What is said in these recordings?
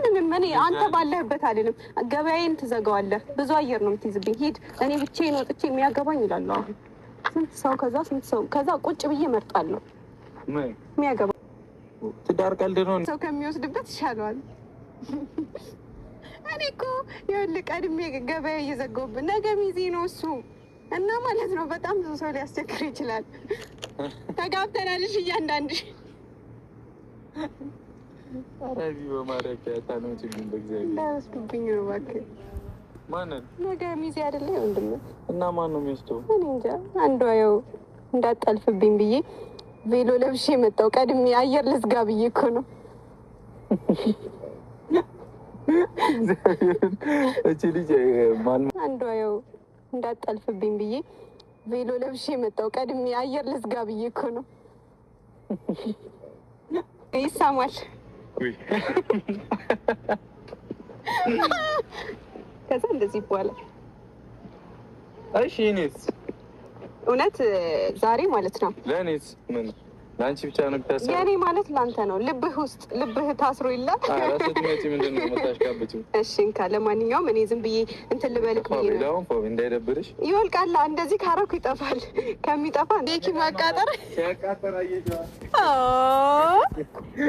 ምንም እኔ አንተ ባለህበት አልልም። ገበያዬን ትዘጋዋለህ። ብዙ አየር ነው የምትይዝብኝ። ሂድ። እኔ ብቻዬን ወጥቼ የሚያገባኝ ይላሉ። አሁን ስንት ሰው ከዛ ስንት ሰው ከዛ ቁጭ ብዬ እመርጣለሁ የሚያገባ ትዳር ቀልድ ነው። ሰው ከሚወስድበት ይሻለዋል። እኔ እኮ ይኸውልህ ቀድሜ ገበያ እየዘጋሁብህ ነገ ሚዜ ነው እሱ እና ማለት ነው በጣም ብዙ ሰው ሊያስቸግር ይችላል። ተጋብተናልሽ እያንዳንድ እና ማን ነው የሚወስደው? እኔ እንጃ። አንዷ ያው እንዳጠልፍብኝ ብዬ ቬሎ ለብሼ የመጣው ቀድሜ አየር ልዝጋ ብዬ እኮ ነው። እቺ ልጅ አንዷ ያው እንዳጠልፍብኝ ብዬ ቬሎ ለብሼ የመጣው ቀድሜ አየር ልዝጋ ብዬ እኮ ነው። ይሰማል ከዛ እንደዚህ ይባላል። እሺ እኔስ እውነት ዛሬ ማለት ነው ለእኔስ ምን ለአንቺ ብቻ ነው ብታሰብ የኔ ማለት ለአንተ ነው። ልብህ ውስጥ ልብህ ታስሮ ይላል። እሺ እንካ ለማንኛውም እኔ ዝም ብዬ እንትን ልበልክ ብዬ ነው። እንዳይደብርሽ ይወልቃላ። እንደዚህ ካረኩ ይጠፋል። ከሚጠፋ ቤኪ ማቃጠር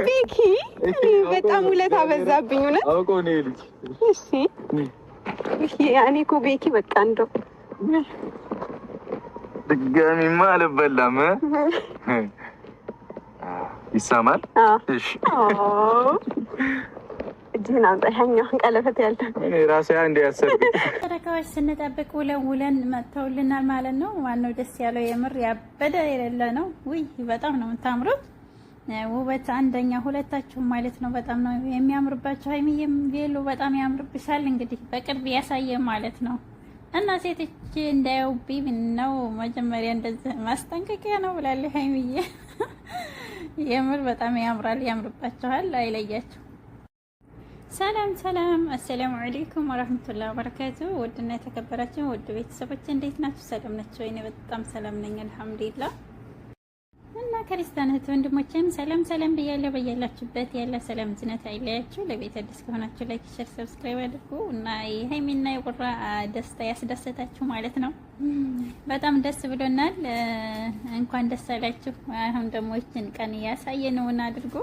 ቤኪ በጣም ውለት አበዛብኝ። እውነት አውቆ ኔ ልጅ። እሺ ያኔ እኮ ቤኪ በቃ እንደው ድጋሚማ አልበላም ይሰማል። ተረካዎች ስንጠብቅ ውለን ውለን መጥተውልናል ማለት ነው። ዋናው ደስ ያለው የምር ያበደ የሌለ ነው። ውይ በጣም ነው የምታምሩት። ውበት አንደኛ ሁለታችሁ ማለት ነው። በጣም ነው የሚያምርባቸው። ሀይሚዬም ቬሎ በጣም ያምርብሻል። እንግዲህ በቅርብ ያሳየ ማለት ነው እና ሴቶች እንዳየው ነው መጀመሪያ እንደዚህ ማስጠንቀቂያ ነው ብላለች ሀይሚዬ የምር በጣም ያምራል፣ ያምርባችኋል፣ አይለያችሁ። ሰላም ሰላም፣ አሰላሙ አለይኩም ወራህመቱላሂ ወበረካቱ። ውድና የተከበራችሁ ውድ ቤተሰቦች እንዴት ናችሁ? ሰላም ናችሁ? እኔ በጣም ሰላም ነኝ፣ አልሐምዱሊላህ ክርስቲያን እህት ወንድሞቼም ሰላም ሰላም ብያለሁ። በያላችሁበት ያለ ሰላም ዝነት አይለያችሁ። ለቤት አዲስ ከሆናችሁ ላይክ፣ ሸር፣ ሰብስክራይብ አድርጉ እና የሀይሚና የቁራ ደስታ ያስደሰታችሁ ማለት ነው። በጣም ደስ ብሎናል። እንኳን ደስ አላችሁ። አሁን ደግሞ ይችን ቀን እያሳየነውን አድርጉ።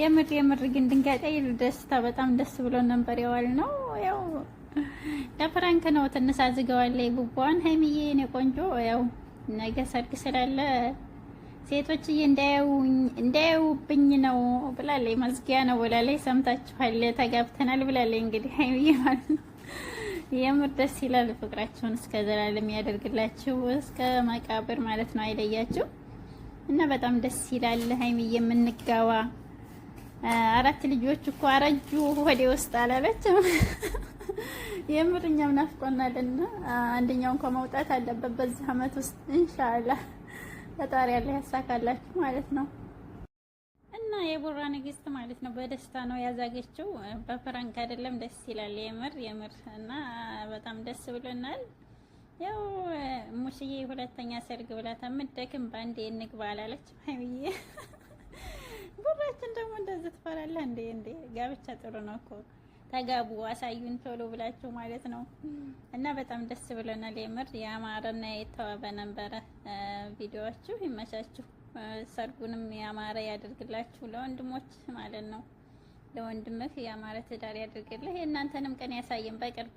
የምር የምር ግን ድንጋጤ ደስታ በጣም ደስ ብሎ ነበር የዋል ነው ያው ለፍራንክ ነው ትንሽ አዝገዋለሁ ቡቧን ሀይሚዬ የኔ ቆንጆ ያው ነገ ሰርግ ስላለ ሴቶችዬ እንዳየውብኝ ነው ብላለች። መዝጊያ ነው ብላለች። ሰምታችኋል። ተጋብተናል ብላለች። እንግዲህ ሀይሚዬ ማለት ነው። የምር ደስ ይላል። ፍቅራችሁን እስከ ዘላለም ያደርግላችሁ እስከ መቃብር ማለት ነው። አይለያችሁ እና በጣም ደስ ይላል። ሀይሚዬ የምንጋባ አራት ልጆች እኮ አረጁ ወደ ውስጥ አላለችም። የምር እኛም ናፍቆናልና አንደኛውን ከመውጣት አለበት በዚህ አመት ውስጥ ኢንሻአላህ ፈጣሪ ያለ ያሳካላችሁ ማለት ነው። እና የቡራ ንግስት ማለት ነው በደስታ ነው ያዛገችው፣ በፕራንክ አይደለም። ደስ ይላል የምር የምር። እና በጣም ደስ ብሎናል። ያው ሙሽዬ ሁለተኛ ሰርግ ብላ ተምደክም በአንዴ እንግባ አላለች ሀይሚዬ ቡራችን ደግሞ እንደዚህ ትፈራለህ እንዴ? እንዴ ጋብቻ ጥሩ ነው እኮ ተጋቡ፣ አሳዩን ቶሎ ብላችሁ ማለት ነው። እና በጣም ደስ ብሎናል የምር ያማረና የተዋበ ነበረ። ቪዲዮችሁ ይመቻችሁ፣ ሰርጉንም ያማረ ያደርግላችሁ። ለወንድሞች ማለት ነው። ለወንድምህ ያማረ ትዳር ያደርግልህ። የእናንተንም ቀን ያሳየን በቅርብ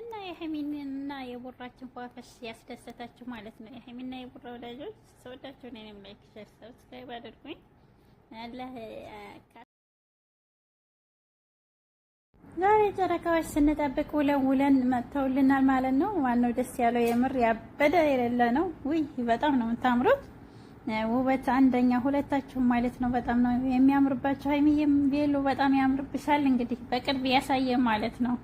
እና የሀይሚንና የቡራችን ፏፈሽ ያስደሰታችሁ ማለት ነው። የሀይሚና የቡራ ወዳጆች ሰወዳችሁን፣ እኔም ላይክ፣ ሸር፣ ሰብስክራይብ አድርጉኝ አለ ዛሬ ጨረቃዎች ስንጠብቅ ውለን ውለን መጥተውልናል ማለት ነው። ዋናው ደስ ያለው የምር ያበደ የሌለ ነው። ውይ በጣም ነው የምታምሩት። ውበት አንደኛ፣ ሁለታችሁ ማለት ነው። በጣም ነው የሚያምርባቸው። ሀይሚዬም ቤሎ በጣም ያምርብሻል። እንግዲህ በቅርብ ያሳየ ማለት ነው።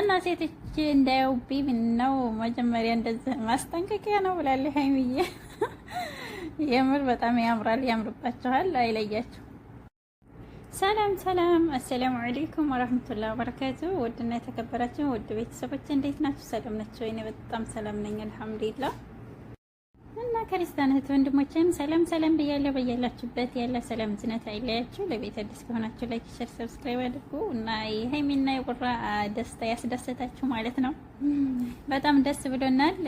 እና ሴቶች እንዳየው ቢብ ነው መጀመሪያ እንደዚህ ማስጠንቀቂያ ነው ብላለች ሀይሚዬ። የምር በጣም ያምራል፣ ያምርባችኋል፣ አይለያችሁ ሰላም ሰላም፣ አሰላሙ አለይኩም ወራህመቱላሂ ወበረካቱ። ውድና የተከበራችሁ ውድ ቤተሰቦች እንዴት ናችሁ? ሰላም ናችሁ? እኔ በጣም ሰላም ነኝ አልሐምዱሊላህ። እና ክርስቲያን እህት ወንድሞቼም ሰላም ሰላም ብያለሁ። በያላችሁበት ያለ ሰላም ዝነት አይለያችሁ። ለቤት አዲስ ከሆናችሁ ላይክ፣ ሼር፣ ሰብስክራይብ አድርጉ እና የሀይሚና የቁራ ደስታ ያስደሰታችሁ ማለት ነው። በጣም ደስ ብሎናል።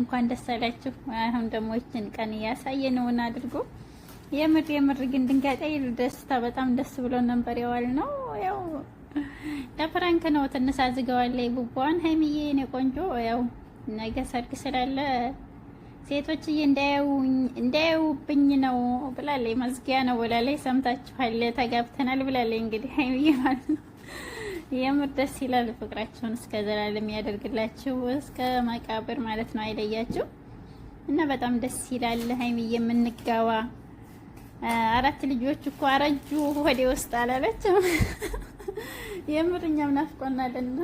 እንኳን ደስ አላችሁ። አሁን ደግሞ ይችን ቀን ያሳየነውን አድርጎ የምር የምር ግን ድንጋጤ ደስታ በጣም ደስ ብሎ ነበር የዋል ነው። ያው ለፍራንክ ነው ትንሽ አዝገዋለች ቡቧን ሀይሚዬ የኔ ቆንጆ። ያው ነገ ሰርግ ስላለ ሴቶችዬ እንዳያዩብኝ ነው ብላለች። መዝጊያ ነው ብላለች። ሰምታችኋል። ተጋብተናል ብላለች። እንግዲህ ሀይሚዬ ማለት ነው። የምር ደስ ይላል። ፍቅራችሁን እስከ ዘላለም ያደርግላችሁ እስከ መቃብር ማለት ነው። አይለያችሁ እና በጣም ደስ ይላል። ሀይሚዬ የምንጋባ አራት ልጆች እኮ አረጁ ወደ ውስጥ አላለችም። የምር እኛም ናፍቆናልና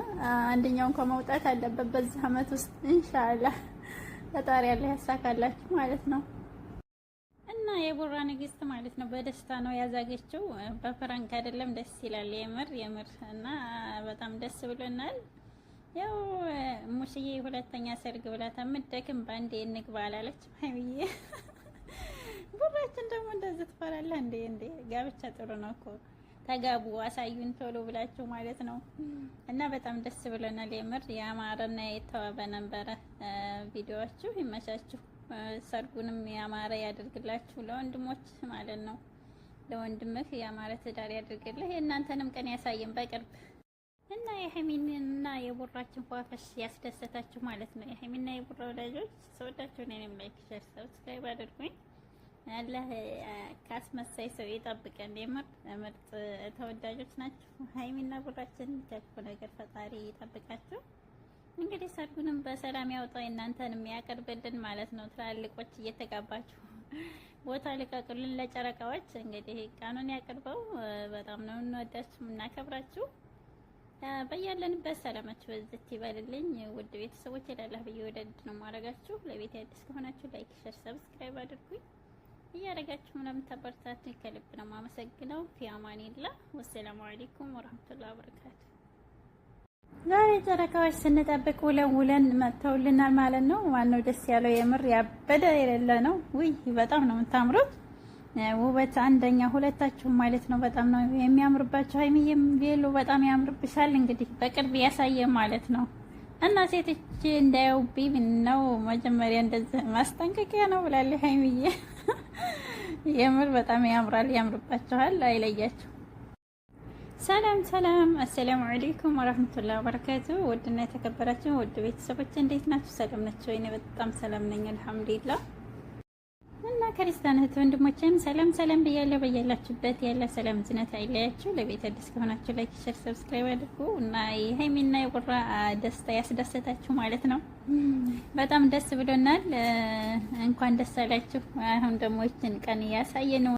አንደኛውን ከመውጣት አለበት በዚህ አመት ውስጥ ኢንሻአላህ ፈጣሪ ያለ ያሳካላችሁ ማለት ነው። እና የቡራ ንግስት ማለት ነው በደስታ ነው ያዛገችው። በፈረንክ አይደለም ደስ ይላል። የምር የምር እና በጣም ደስ ብሎናል። ያው ሙሽዬ ሁለተኛ ሰርግ ብላ ተምደክም ባንዴ እንግባ አላለችም። አይደለ እንዴ? እንዴ ጋብቻ ጥሩ ነው እኮ ተጋቡ፣ አሳዩን ቶሎ ብላችሁ ማለት ነው። እና በጣም ደስ ብሎናል። የምር ያማረና የተዋበ ነበረ ቪዲዮችሁ። ይመቻችሁ፣ ሰርጉንም ያማረ ያደርግላችሁ። ለወንድሞች ማለት ነው። ለወንድምህ ያማረ ትዳር ያድርግልህ። የእናንተንም ቀን ያሳየን በቅርብ እና የሀይሚንና የቡራችን ፏፈሽ ያስደሰታችሁ ማለት ነው። የሀይሚንና የቡራ ወዳጆች ሰወዳችሁን ኔንም ላይክ፣ ሸር፣ ሰብስክራይብ አድርጉኝ። አላህ ካስመሳይ ሰው ይጠብቀን። የምር ምርጥ ተወዳጆች ናችሁ ሀይሚና ጉራችን ከክፉ ነገር ፈጣሪ ይጠብቃችሁ። እንግዲህ ሰርጉንም በሰላም ያውጣ እናንተንም ያቀርብልን ማለት ነው። ትላልቆች እየተጋባችሁ ቦታ ልቀቁልን ለጨረቃዎች። እንግዲህ ቀኑን ያቅርበው። በጣም ነው እንወዳችሁ እናከብራችሁ። በያለንበት ሰላማችሁ በዚህ ይበልልኝ። ውድ ቤተሰቦች ላላህ ብዬ ወደድ ነው ማድረጋችሁ። ለቤት አዲስ ከሆናችሁ ላይክ፣ ሸር፣ ሰብስክራይብ አድርጉኝ። እያደረጋችሁ ምናምን ተበርታት ከልብ ነው የማመሰግነው። ፊያማኒላ ወሰላሙ አሌይኩም ወረህመቱላሂ ወበረካቱ። ዛሬ ጨረቃዎች ስንጠብቅ ውለን ውለን መጥተውልናል ማለት ነው። ዋናው ደስ ያለው የምር ያበደ የሌለ ነው። ውይ በጣም ነው የምታምሩት። ውበት አንደኛ ሁለታችሁ ማለት ነው። በጣም ነው የሚያምርባቸው። ሀይሚዬም ቬሎ በጣም ያምርብሻል። እንግዲህ በቅርብ ያሳየ ማለት ነው እና ሴቶች እንዳየው ቢብ ነው መጀመሪያ እንደዚህ ማስጠንቀቂያ ነው ብላለች ሀይሚዬ የምር በጣም ያምራል፣ ያምርባችኋል፣ አይለያችሁ። ሰላም ሰላም፣ አሰላሙ አለይኩም ወራህመቱላሂ ወበረካቱ። ውድና የተከበራችሁ ውድ ቤተሰቦች እንዴት ናችሁ? ሰላም ናችሁ? እኔ በጣም ሰላም ነኝ፣ አልሐምዱሊላህ እና ክርስቲያን እህት ወንድሞቼም ሰላም ሰላም ብያለሁ። በያላችሁበት ያለ ሰላም ዝነት አይለያችሁ። ለቤት አዲስ ከሆናችሁ ላይክ፣ ሼር፣ ሰብስክራይብ አድርጉ እና የሀይሚና የቁራ ደስታ ያስደሰታችሁ ማለት ነው። በጣም ደስ ብሎናል። እንኳን ደስ አላችሁ። አሁን ደግሞ ይችን ቀን እያሳየ ነው።